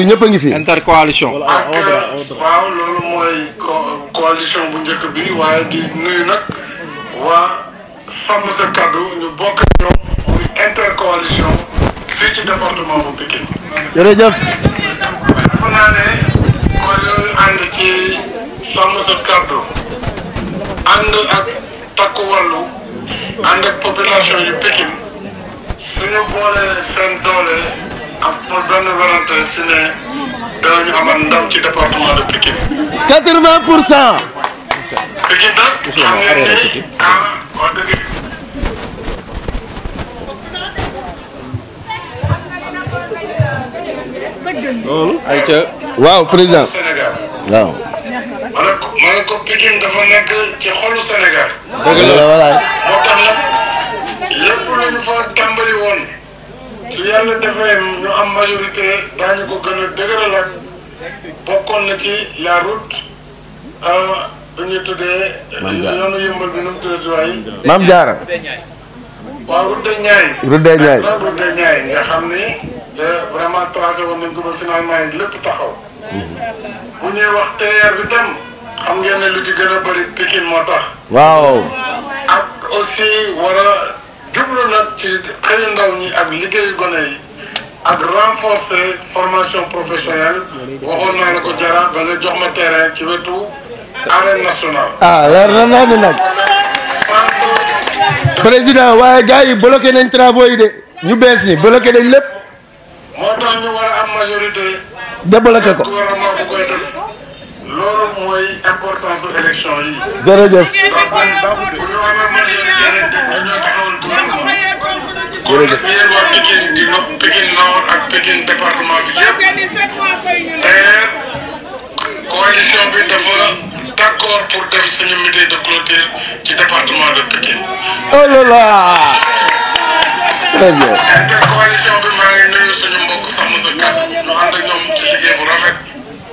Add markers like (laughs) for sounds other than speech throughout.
esprit ñëpp ngi fi. inter coalition waaw loolu mooy coalition bu njëkk bi waaye di nuyu nag waa sàmm sa kaddu ñu bokk ak ñoom muy coalition fii ci département bu Pikine. jërëjëf. defe naa ne mooy yooyu ànd ci sàmm sa kaddu ànd ak takku wàllu ànd ak population yu Pikine suñu boole seen doole. am pour benn volonté si ne danañu amal ndam ci département de Pikine. 80 pour cent. Pikine nag xam ngeen ne ah wax dëgg. loolu ayca. waaw président waaw. ma ne ko ma ne ko Pikine dafa nekk ci xolu Sénégal. dëgg la walaay. moo tax nag lépp lu ñu fa tàmbali woon. su yàlla defee ñu am majorité daañu ko gën a dëgëral ak bokkoon na ci la route euh, bu ñu tuddee. yoonu yëmbal bi nu mu tuddati waaye. maam jaara. waaw route de Niayes. route de Niayes nga xam ni. Euh, vraiment tracé woon nañ ko ba finalement lépp taxaw. bu ñuy wax bi tam. xam ngeen ne lu ci gën a bëri Pikine moo tax. waaw. ak aussi war a jublu nag ci xëy ndaw ñi ak liggéeyu gone yi ak renforcer formation professionnelle waxoon naa la ko jara ba jox ma terrain ci wetu arène nationale. ah leer na naa ne nag. président waaye gars yi bloqué nañ travaux yi de ñu bees yi bloqué nañ lépp. moo tax ñu war a am majorité. débloqué ko jërëjëf yéen waa Pikine di nopp Pikine Nord ak Pikine département bi yëpp d'ailleurs d'accord pour def suñu meeting de clôture ci département de Pikine. oh là là. bi maa ngi nuyu suñu mbokk sàmm sa kàddu ñu ànd ak ñoom ci liggéey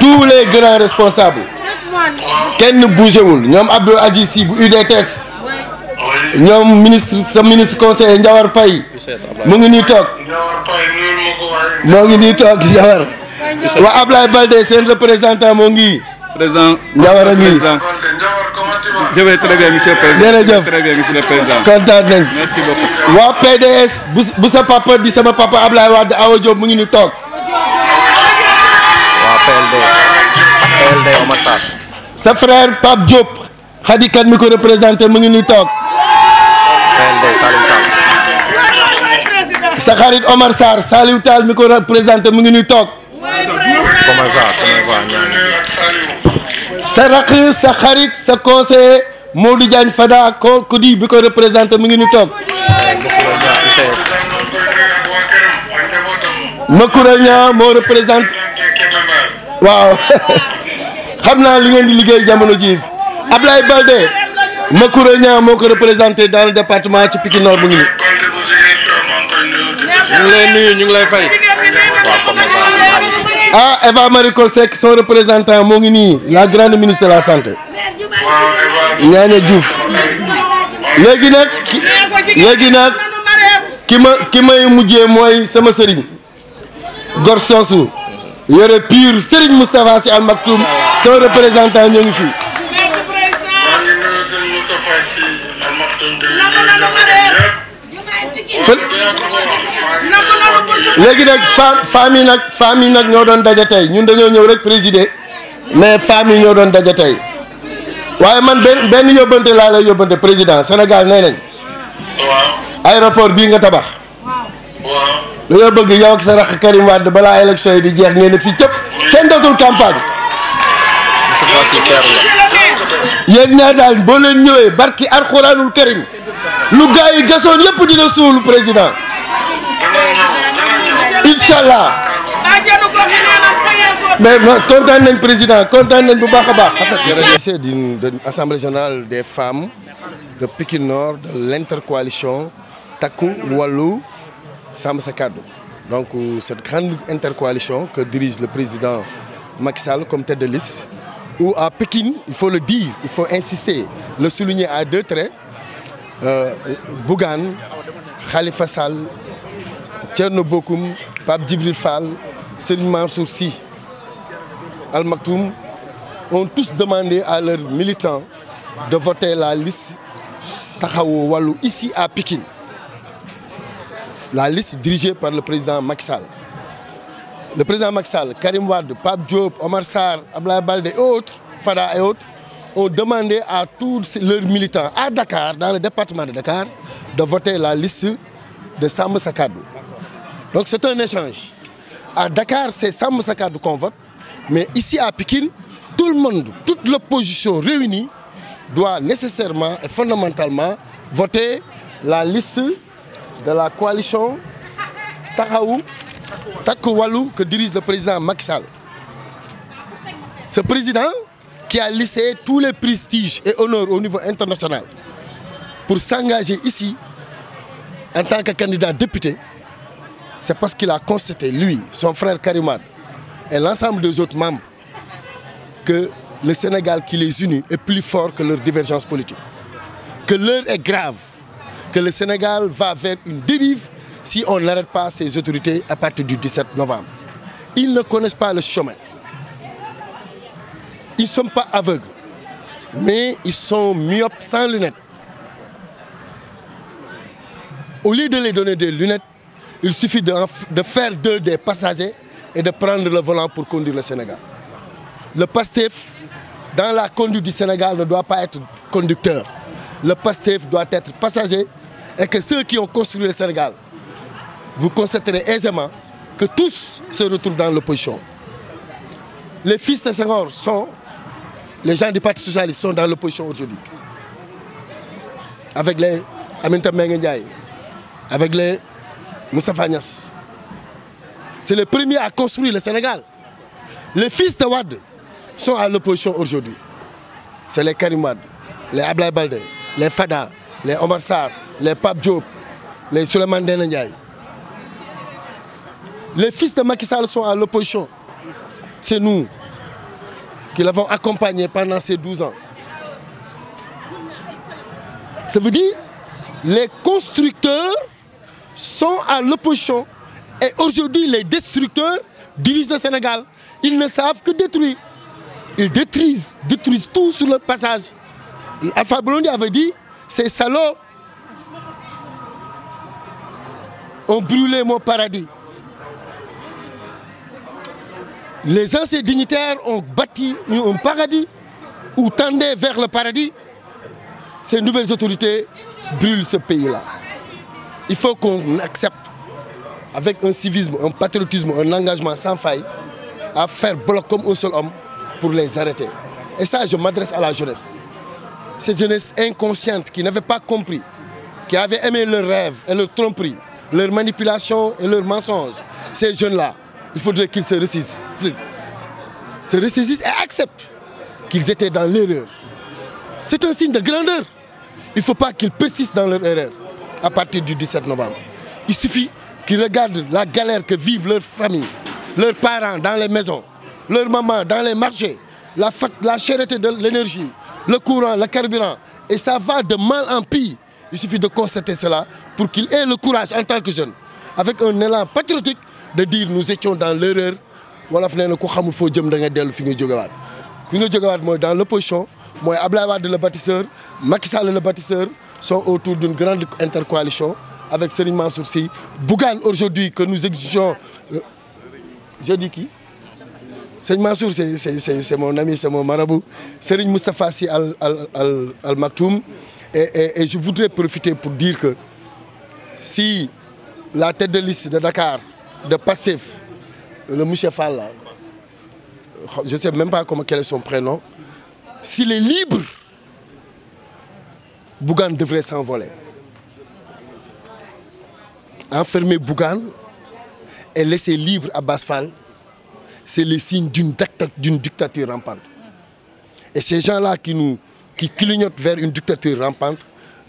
tous les grands responsables kenn bougéwul ñoom Abdel Aziz Sy bu UDTS ñoom ministre sa ministre conseiller Ndiawar nous avons ngi nii toog moo ngi nii toog Ndiawar waa Ablaye Baldé seen représentant moo ngi président Ndiawar a ngi je vais très bien monsieur le président jërëjëf très bien monsieur le président kontaan merci beaucoup waa PDS bu sa papa di sama papa Ablaye Wade Awa Diop mu ngi nii PLD PLD Omar Sarr. sa frère Pape Diop xadikat mi ko représenté mu ngi nuy toog. PLD sa xarit Omar Sarr Saliou Tall mi ko représenté mu ngi nuy toog. Omar Sarr sa raq sa xarit sa conseiller Modou Diagne Fada ko ku di bi ko représenté mu ngi nuy toog. Makoura Niang moo représenté. waaw (laughs) xam naa li ngeen di liggéey jamono jii Ablaye Balde Makoura Niang moo ko représenté daal le département ci Pikine Nord mu ngi nii. ñu ngi lay ñu ngi lay fay. ah Eva Marie Coll Seck représentant moo ngi nii la grande ministre de la santé. Ñaaña Diouf. léegi nag léegi nag ki ma ki may mujjee mooy sama sëriñ. gor soosu. yore pire Serigne Moustapha si Al Maktoum sama représentant ñoo ngi fii. léegi nag femme femme yi nag femme yi nag ñoo doon daje tey ñun dañoo ñëw rek présider mais femme yi ñoo doon daje tey waaye man benn benn yóbbante laa lay yóbbante président Sénégal nee nañ. aéroport bii nga tabax. dañoo bëgg yow ak sa rax Karim balaa élection yi di jeex ngeen ne fii cëpp kenn dootul campagne. yéen ñaa daal boo leen ñëwee barki alxuraanul karim lu gars gasoon yëpp dina suulu président incha mais kontaan nañ président kontaan nañ bu baax a baax. c'est d'une assemblée générale des femmes de Pikine Nord de l'intercoalition takku wàllu. Sàmm donc euh, cette grande intercoalition que dirige le président Macky Sall comme tête de liste où à Pékin il faut le dire il faut insister le souligner à deux traits euh, Bougan, Khalifa Sall Tchernobokoum, Bokoum Pape Djibril Fall Al Maktoum ont tous demandé à leurs militants de voter la liste Taxawu Walou, ici à Pékin la liste dirigée par le président Macky Sall. Le président Macky Sall, Karim Wade, Pape Diop, Omar Sarr, Abdoulaye et autres, Fada et autres, ont demandé à tous leurs militants à Dakar, dans le département de Dakar, de voter la liste de Sam Sakadou. Donc c'est un échange. À Dakar, c'est Sam Sakadou qu'on vote, mais ici à Pékin, tout le monde, toute l'opposition réunie doit nécessairement et fondamentalement voter la liste de la coalition Takaou que dirige le président Macky Ce président qui a laissé tous les prestiges et honneurs au niveau international pour s'engager ici en tant que candidat député, c'est parce qu'il a constaté, lui, son frère Karimad et l'ensemble des autres membres, que le Sénégal qui les unit est plus fort que leur divergence politique, que l'heure est grave que le Sénégal va vers une dérive si on n'arrête pas ses autorités à partir du 17 novembre. Ils ne connaissent pas le chemin. Ils ne sont pas aveugles, mais ils sont myopes sans lunettes. Au lieu de les donner des lunettes, il suffit de, de faire d'eux des passagers et de prendre le volant pour conduire le Sénégal. Le PASTEF, dans la conduite du Sénégal, ne doit pas être conducteur. Le PASTEF doit être passager et que ceux qui ont construit le Sénégal, vous constaterez aisément que tous se retrouvent dans l'opposition. Les fils de Senghor sont, les gens du Parti Socialiste sont dans l'opposition aujourd'hui. Avec les Aminta Mengendiaï, avec les Moussa Fagnas. C'est le premier à construire le Sénégal. Les fils de Wad sont à l'opposition aujourd'hui. C'est les Karim Wad, les Ablaï les Fada, les Omar Sarr, les Pape Diop, les Souleymane Ndiaye. Les fils de Macky sont à l'opposition. C'est nous qui l'avons accompagné pendant ces 12 ans. Ça veut dire les constructeurs sont à l'opposition et aujourd'hui les destructeurs divisent le Sénégal. Ils ne savent que détruire. Ils détruisent, détruisent tout sur leur passage. Alpha Blondie avait dit, ces salauds ont brûlé mon paradis. Les anciens dignitaires ont bâti un paradis ou tendaient vers le paradis. Ces nouvelles autorités brûlent ce pays-là. Il faut qu'on accepte, avec un civisme, un patriotisme, un engagement sans faille, à faire bloc comme un seul homme pour les arrêter. Et ça, je m'adresse à la jeunesse. Cette jeunesse inconsciente qui n'avait pas compris, qui avait aimé le rêve et le tromperies, leur manipulation et leurs mensonges. Ces jeunes-là, il faudrait qu'ils se ressaisissent, se et acceptent qu'ils étaient dans l'erreur. C'est un signe de grandeur. Il ne faut pas qu'ils persistent dans leur erreur à partir du 17 novembre. Il suffit qu'ils regardent la galère que vivent leurs familles, leurs parents dans les maisons, leurs mamans dans les marchés, la, la de l'énergie, le courant, le carburant. Et ça va de mal en pire. Il suffit de constater cela pour qu'il ait le courage en tant que jeune avec un élan patriotique de dire nous étions dans l'erreur wolof nee na xamul da dans l'opposition Abdoulaye le bâtisseur Macky Sall le bâtisseur sont autour d'une grande intercoalition avec Serigne Mansour Bougane aujourd'hui que nous exigeons euh, je dis qui Serigne Mansour c'est mon ami c'est mon marabout Serigne Moustapha Al Al Al Maktoum et je voudrais profiter pour dire que si la tête de liste de Dakar, de PASSEF, le monsieur je ne sais même pas comment, quel est son prénom, s'il est libre, Bougan devrait s'envoler. Enfermer Bougan et laisser libre Abbas Fall, c'est le signe d'une dictature rampante. Et ces gens-là qui nous qui clignotent vers une dictature rampante,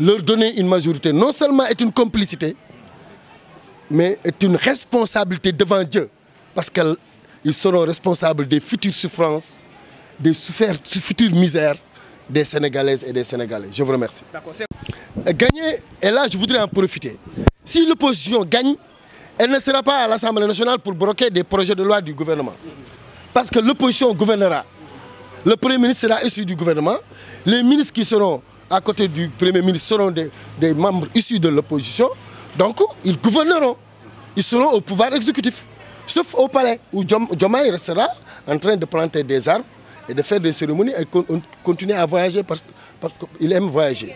leur donner une majorité, non seulement est une complicité, mais est une responsabilité devant Dieu. Parce qu'ils seront responsables des futures souffrances, des futures misères des Sénégalaises et des Sénégalais. Je vous remercie. Gagner, et là je voudrais en profiter. Si l'opposition gagne, elle ne sera pas à l'Assemblée nationale pour broquer des projets de loi du gouvernement. Parce que l'opposition gouvernera. Le Premier ministre sera issu du gouvernement. Les ministres qui seront à côté du Premier ministre, seront des, membres issus de l'opposition. Donc, ils gouverneront. Ils seront au pouvoir exécutif. Sauf au palais, où Jomay restera en train de planter des arbres et de faire des cérémonies et continuer à voyager parce, qu'il aime voyager.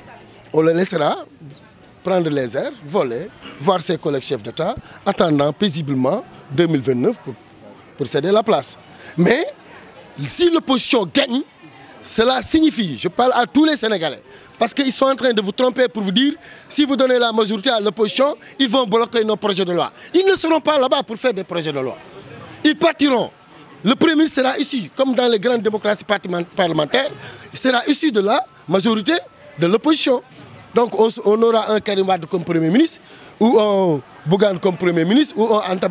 On le laissera prendre les airs, voler, voir ses collègues chefs d'État, attendant paisiblement 2029 pour, pour céder la place. Mais si l'opposition gagne, cela signifie, je parle à tous les Sénégalais, parce qu'ils sont en train de vous tromper pour vous dire, si vous donnez la majorité à l'opposition, ils vont bloquer nos projets de loi. Ils ne seront pas là-bas pour faire des projets de loi. Ils partiront. Le Premier ministre sera ici, comme dans les grandes démocraties parlementaires, il sera issu de la majorité de l'opposition. Donc on, aura un Karim comme Premier ministre, ou un Bougan comme Premier ministre, ou un Anta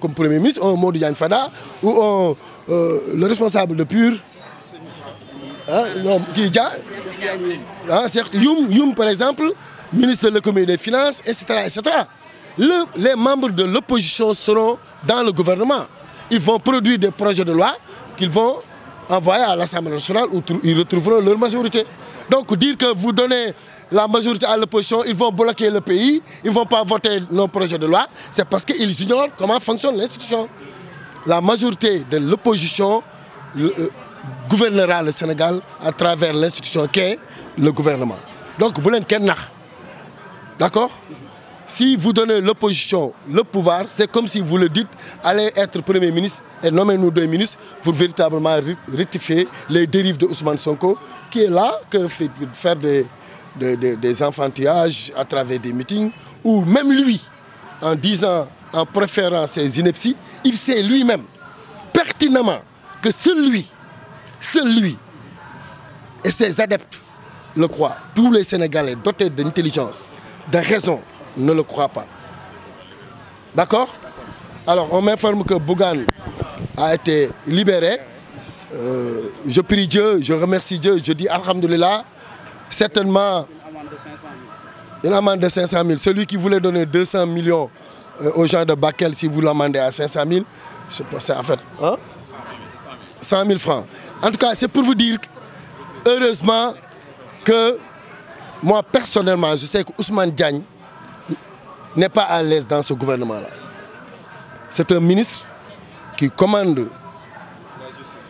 comme Premier ministre, ou un Modi Fada, ou euh, le responsable de PUR, qui hein, hein, par exemple ministre de l'économie des finances etc. les membres de l'opposition seront dans le gouvernement ils vont produire des projets de loi qu'ils vont envoyer à l'Assemblée nationale où ils retrouveront leur majorité donc dire que vous donnez la majorité à l'opposition ils vont bloquer le pays ils ne vont pas voter nos projets de loi c'est parce qu'ils ignorent comment fonctionne l'institution la majorité de l'opposition euh, gouvernera le Sénégal à travers l'institution qu'est le gouvernement. Donc, vous D'accord Si vous donnez l'opposition le pouvoir, c'est comme si vous le dites, allez être Premier ministre et nommez-nous deux ministres pour véritablement rectifier les dérives de Ousmane Sonko, qui est là, que fait faire des, des, enfantillages à travers des meetings, ou même lui, en disant, en préférant ses inepties, il sait lui-même pertinemment que celui Seul lui et ses adeptes le croient. Tous les Sénégalais dotés d'intelligence, de raison, ne le croient pas. D'accord Alors, on m'informe que Bougan a été libéré. Euh, je prie Dieu, je remercie Dieu, je dis Alhamdulillah. Certainement, une amende de 500 000. Celui qui voulait donner 200 millions euh, aux gens de Bakel, si vous l'amendez à 500 000, c'est en fait. Hein 100 000 francs en tout cas c'est pour vous dire heureusement que moi personnellement je sais que Ousmane Diagne n'est pas à l'aise dans ce gouvernement là c'est un ministre qui commande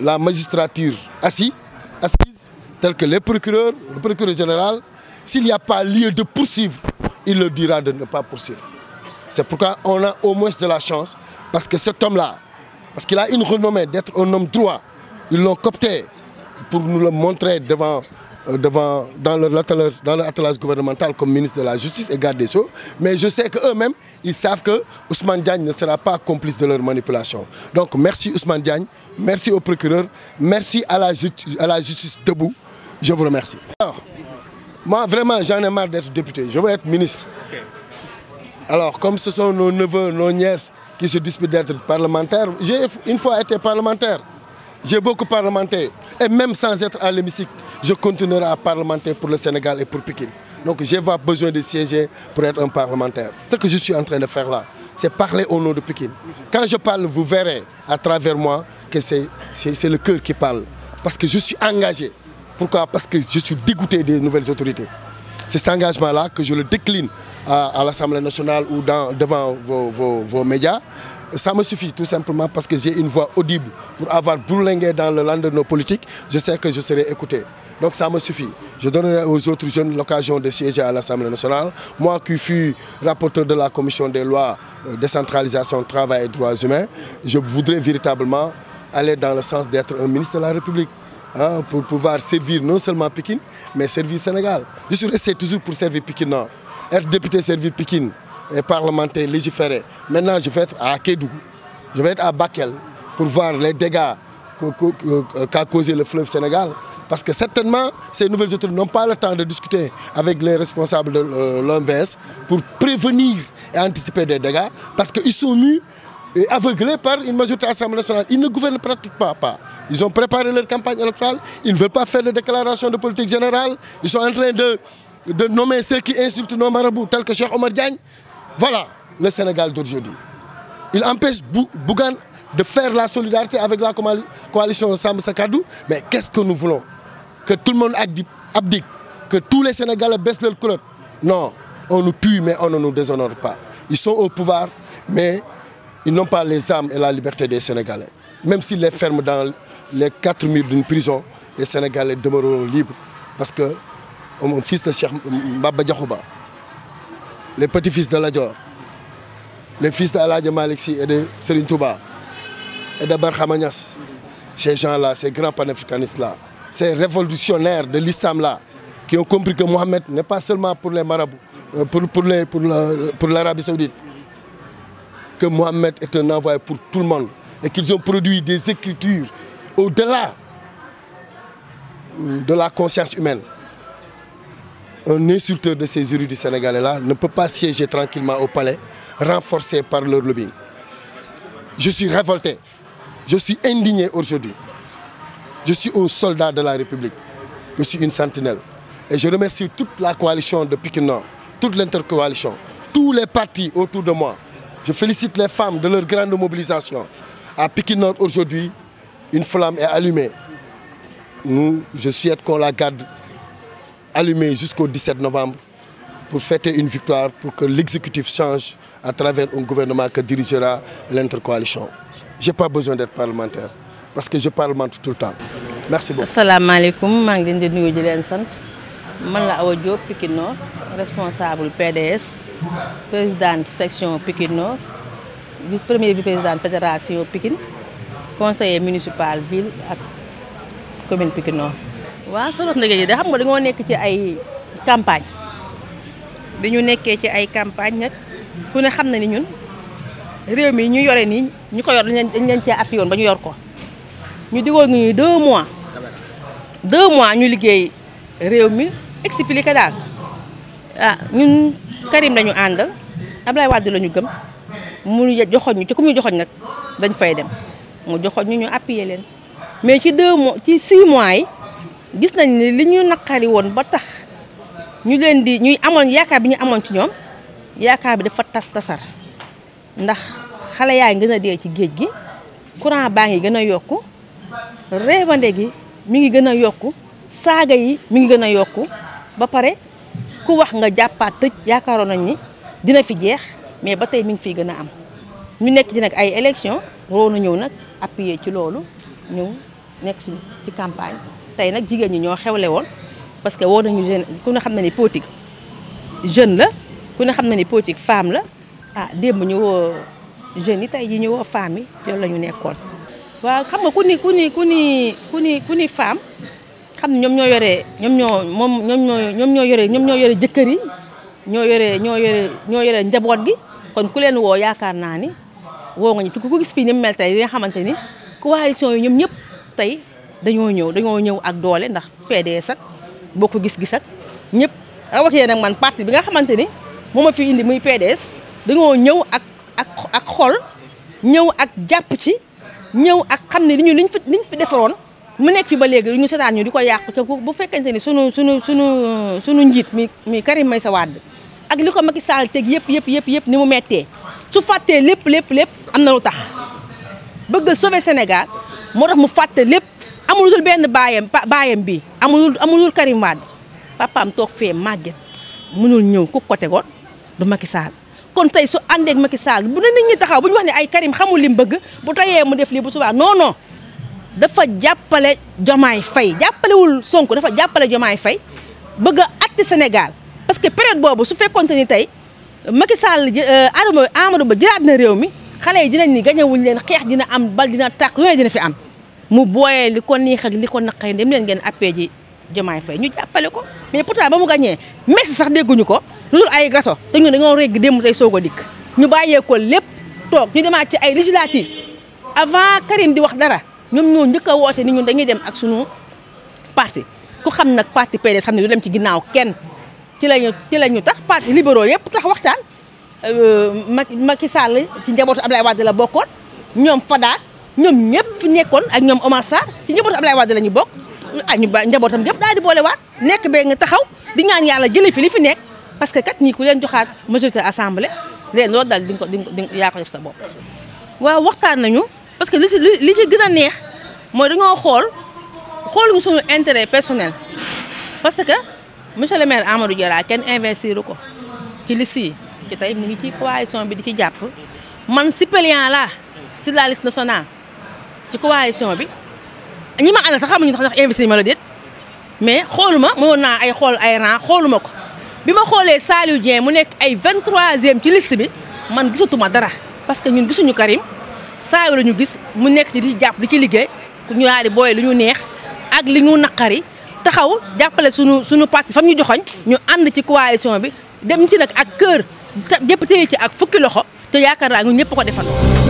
la magistrature assis assise telle que les procureurs le procureur général s'il n'y a pas lieu de poursuivre il le dira de ne pas poursuivre c'est pourquoi on a au moins de la chance parce que cet homme là parce qu'il a une renommée d'être un homme droit. Ils l'ont copté pour nous le montrer devant, euh, devant, dans leur dans gouvernemental comme ministre de la Justice et garde des Sceaux. Mais je sais qu'eux-mêmes, ils savent que Ousmane Diagne ne sera pas complice de leur manipulation. Donc merci Ousmane Diagne, merci au procureur, merci à la, à la justice debout. Je vous remercie. Alors, moi vraiment j'en ai marre d'être député, je veux être ministre. Alors comme ce sont nos neveux, nos nièces, qui se dispute d'être parlementaire. J'ai une fois été parlementaire. J'ai beaucoup parlementé. Et même sans être à l'hémicycle, je continuerai à parlementer pour le Sénégal et pour Pékin. Donc j'ai pas besoin de siéger pour être un parlementaire. Ce que je suis en train de faire là, c'est parler au nom de Pékin. Quand je parle, vous verrez à travers moi que c'est le cœur qui parle. Parce que je suis engagé. Pourquoi Parce que je suis dégoûté des nouvelles autorités. C'est cet engagement-là que je le décline à, l'Assemblée nationale ou devant vos, médias. Ça me suffit tout simplement parce que j'ai une voix audible pour avoir bourlingué dans le land de nos politiques. Je sais que je serai écouté. Donc ça me suffit. Je donnerai aux autres jeunes l'occasion de siéger à l'Assemblée nationale. Moi qui fus rapporteur de la commission des lois, euh, décentralisation, travail et droits humains, je voudrais véritablement aller dans le sens d'être un ministre de la République. Hein, pour pouvoir servir non seulement Pékin, mais servir Sénégal. Je suis resté toujours pour servir Pékin être député servi Pikine et parlementaire, légiféré. Maintenant, je vais être à Kédougou, je vais être à Bakel pour voir les dégâts euh, qu'a causé le fleuve Sénégal. Parce que certainement, ces nouvelles autorités n'ont pas le temps de discuter avec les responsables de euh, l'OMS pour prévenir et anticiper des dégâts, parce qu'ils sont et aveuglés par une majorité Assemblée nationale. Ils ne gouvernent pratiquement pas. Ils ont préparé leur campagne électorale, ils ne veulent pas faire de déclaration de politique générale, ils sont en train de de nommer ceux qui insultent nos marabouts, tels que Cheikh Omar Diagne. Voilà le Sénégal d'aujourd'hui. Il empêche Bougan de faire la solidarité avec la coalition Sam Sakadou. Mais qu'est-ce que nous voulons Que tout le monde abdique, que tous les Sénégalais baissent leur culotte. Non, on nous tue, mais on ne nous déshonore pas. Ils sont au pouvoir, mais ils n'ont pas les armes et la liberté des Sénégalais. Même s'ils les ferment dans les quatre murs d'une prison, les Sénégalais demeureront libres parce que mon fils de Cheikh Baba Jacoba, les petits-fils de Lajor, les fils de Aladja et de Serine Touba, et de Barhamanias. Ces gens-là, ces grands panafricanistes-là, ces révolutionnaires de l'islam-là, qui ont compris que Mohamed n'est pas seulement pour les marabouts, euh, pour, l'Arabie saoudite, que Mohamed est un envoyé pour tout le monde et qu'ils ont produit des écritures au-delà de la conscience humaine un insulteur de ces du sénégalais-là ne peut pas siéger tranquillement au palais, renforcé par leur lobbying. Je suis révolté, je suis indigné aujourd'hui. Je suis un soldat de la République, je suis une sentinelle. Et je remercie toute la coalition de Pékin Nord, toute l'intercoalition, tous les partis autour de moi. Je félicite les femmes de leur grande mobilisation. À Pékin Nord aujourd'hui, une flamme est allumée. Nous, je souhaite qu'on la garde allumé jusqu'au 17 novembre pour fêter une victoire, pour que l'exécutif change à travers un gouvernement que dirigera l'intercoalition. Je n'ai pas besoin d'être parlementaire parce que je parlemente tout le temps. Merci beaucoup. Assalamu alaikum, je suis venu de Je suis Pikino, responsable PDS, présidente section Pikino, vice-premier vice la fédération Pikine, conseiller municipal ville et commune Pikino. waaw solos ndege yi de xam nga dañoo nekk ci ay campagne bi ñu nekkee ci ay campagne nag ku ne xam na ni ñun réew mi ñu yore nii ñu ko yor dañ leen cee at ba ñu yor ko ñu digoon ñu deux mois deux mois ñu liggéey réew mi expliqué daal ah ñun Karim lañu ànd Ablaye Wade lañu gëm mu joxoñ ñu ci ku mu joxoñ nag dañ fay dem mu joxoñ ñu ñu appuyer leen mais ci deux mois ci six mois yi gis nañ ni li ñu naqari woon ba tax ñu leen di ñuy amoon yaakaar bi ñu amoon ci ñoom yaakaar bi dafa tas tasar ndax xale yaa ngi gën a dee ci géej gi courant baa ngi gën a yokku réewande gi mi ngi gën a yokku saaga yi mi ngi gën a yokku ba pare ku wax nga jàppaat tëj yaakaaroon nañ ni dina fi jeex mais ba tey mi ngi fiy gën a am ñu nekk ci nag ay élection roonu ñëw nag appuyer ci loolu ñëw nekk ci ci campagne tey nag jigéen ñi ñoo xewle woon parce que woo nañu jeune ku ne xam na ni politique jeune la ku ne xam na ni politique femme la ah démb ñu woo jeunes yi tey ji ñu woo femme yi loolu la ñu nekkoon. waaw xam na ku ni ku ni ku femme xam ne ñoom ñoo yore ñoom ñoo moom ñoom ñoo ñoom ñoo yore ñoom ñoo yore jëkkër yi ñoo yore ñoo yore ñoo yore njaboot gi kon ku leen woo yaakaar naa ni woo nga ñu ku gis fii ni tey li nga xamante ni coalition yi ñoom ñëpp tey. dañoo ñëw dañoo ñëw ak doole ndax PDS boo ko gis-gis ak ñëpp rawatina nag man parti bi nga xamante ni moo ma fi indi muy PDS dañoo ñëw ak ak ak xol ñëw ak jàpp ci ñëw ak xam ni li ñu liñ fi liñ fi defaroon mu nekk fi ba léegi ñu seetaan ñu di ko yàq te bu fekkente ni sunu sunu sunu sunu njiit mi mi Karim Meïssa Wade ak li ko Macky Sall teg yëpp yëpp yëpp yëpp ni mu mettee su fàttee lépp lépp lépp am na lu tax bëgg sauver Sénégal moo tax mu fàtte lépp. amul dul benn baayam baayam bi amul amul Karim Wade papaam toog fee màgget mënul ñëw ku ko tegoon du Macky Sall kon tey su àndee ak Macky Sall bu ne ñi taxaw bu ñu wax ne ay Karim xamul li mu bëgg bu tayee mu def lii bu subaa non non dafa jàppale Jomaay Fay jàppalewul Sonko dafa jàppale Jomaay Fay bëgg a atti Sénégal parce que période boobu su fekkonte ni tey Macky Sall Adama euh, Amadou Ba jëlaat na réew mi xale yi dinañ ni gañewuñ leen xeex dina am bal dina tàq yooyu dina fi am mu booyee li ko neex ak li ko naqay dem leen ngeen appee ji Diomaye fay ñu jàppale ko mais pourtant ba mu gañee Messi sax dégguñu ko lu dul ay gaso te ñun dañoo régg démb tey soog a dikk ñu bàyyee ko lépp toog ñu demaat ci ay législative avant Karim di wax dara ñoom ñoo njëkk a woote ni ñu dañuy dem ak sunu parti ku xam nag parti PDS xam ne du dem ci ginnaaw kenn ci lañu ci la ñu tax parti libéraux yëpp tax waxtaan euh, Macky Sall ci njabootu Abdoulaye Wade la bokkoon ñoom Fada ñoom ñëpp fi nekkoon ak ñoom Omar Sarr ci njabootu Abdoulaye Wade la ñu bokk ah ñu ba njabootam yëpp daal di boolewaat nekk bee nga taxaw di ñaan yàlla jëlee fi li fi nekk parce que kat ñii ku leen joxaat majorité assemblée léegi loolu daal di nga ko di nga ko yaa ko sa bopp. waaw waxtaan nañu parce que li si li ci gën a neex mooy dañoo xool xooluñu suñu intérêt personnel parce que monsieur le maire Amadou Diarra kenn investir ko ci liste yi tey mu ngi ci coalition bi di ci jàpp man suppléant laa si la liste nationale. ci coalition bi ñima ala àndal sax xamuñu tax ndax investi ma la déet mais xoluma mënoon na ay xol ay rang xolumako bima xolé ma Saliou Dieng mu nek ay 23e ci liste bi man gisatuma dara parce que ñun gisuñu Karim saawu la ñu gis mu nek ci di japp di ci liggéey ku ñu daal di booyee neex ak liñu nakari taxaw jàppale suñu suñu parti fam ñu joxoñ ñu and ci coalition bi dem ci nak ak kër député yi ci ak fukki loxo te yaakaar nga ñun ñëpp ko defal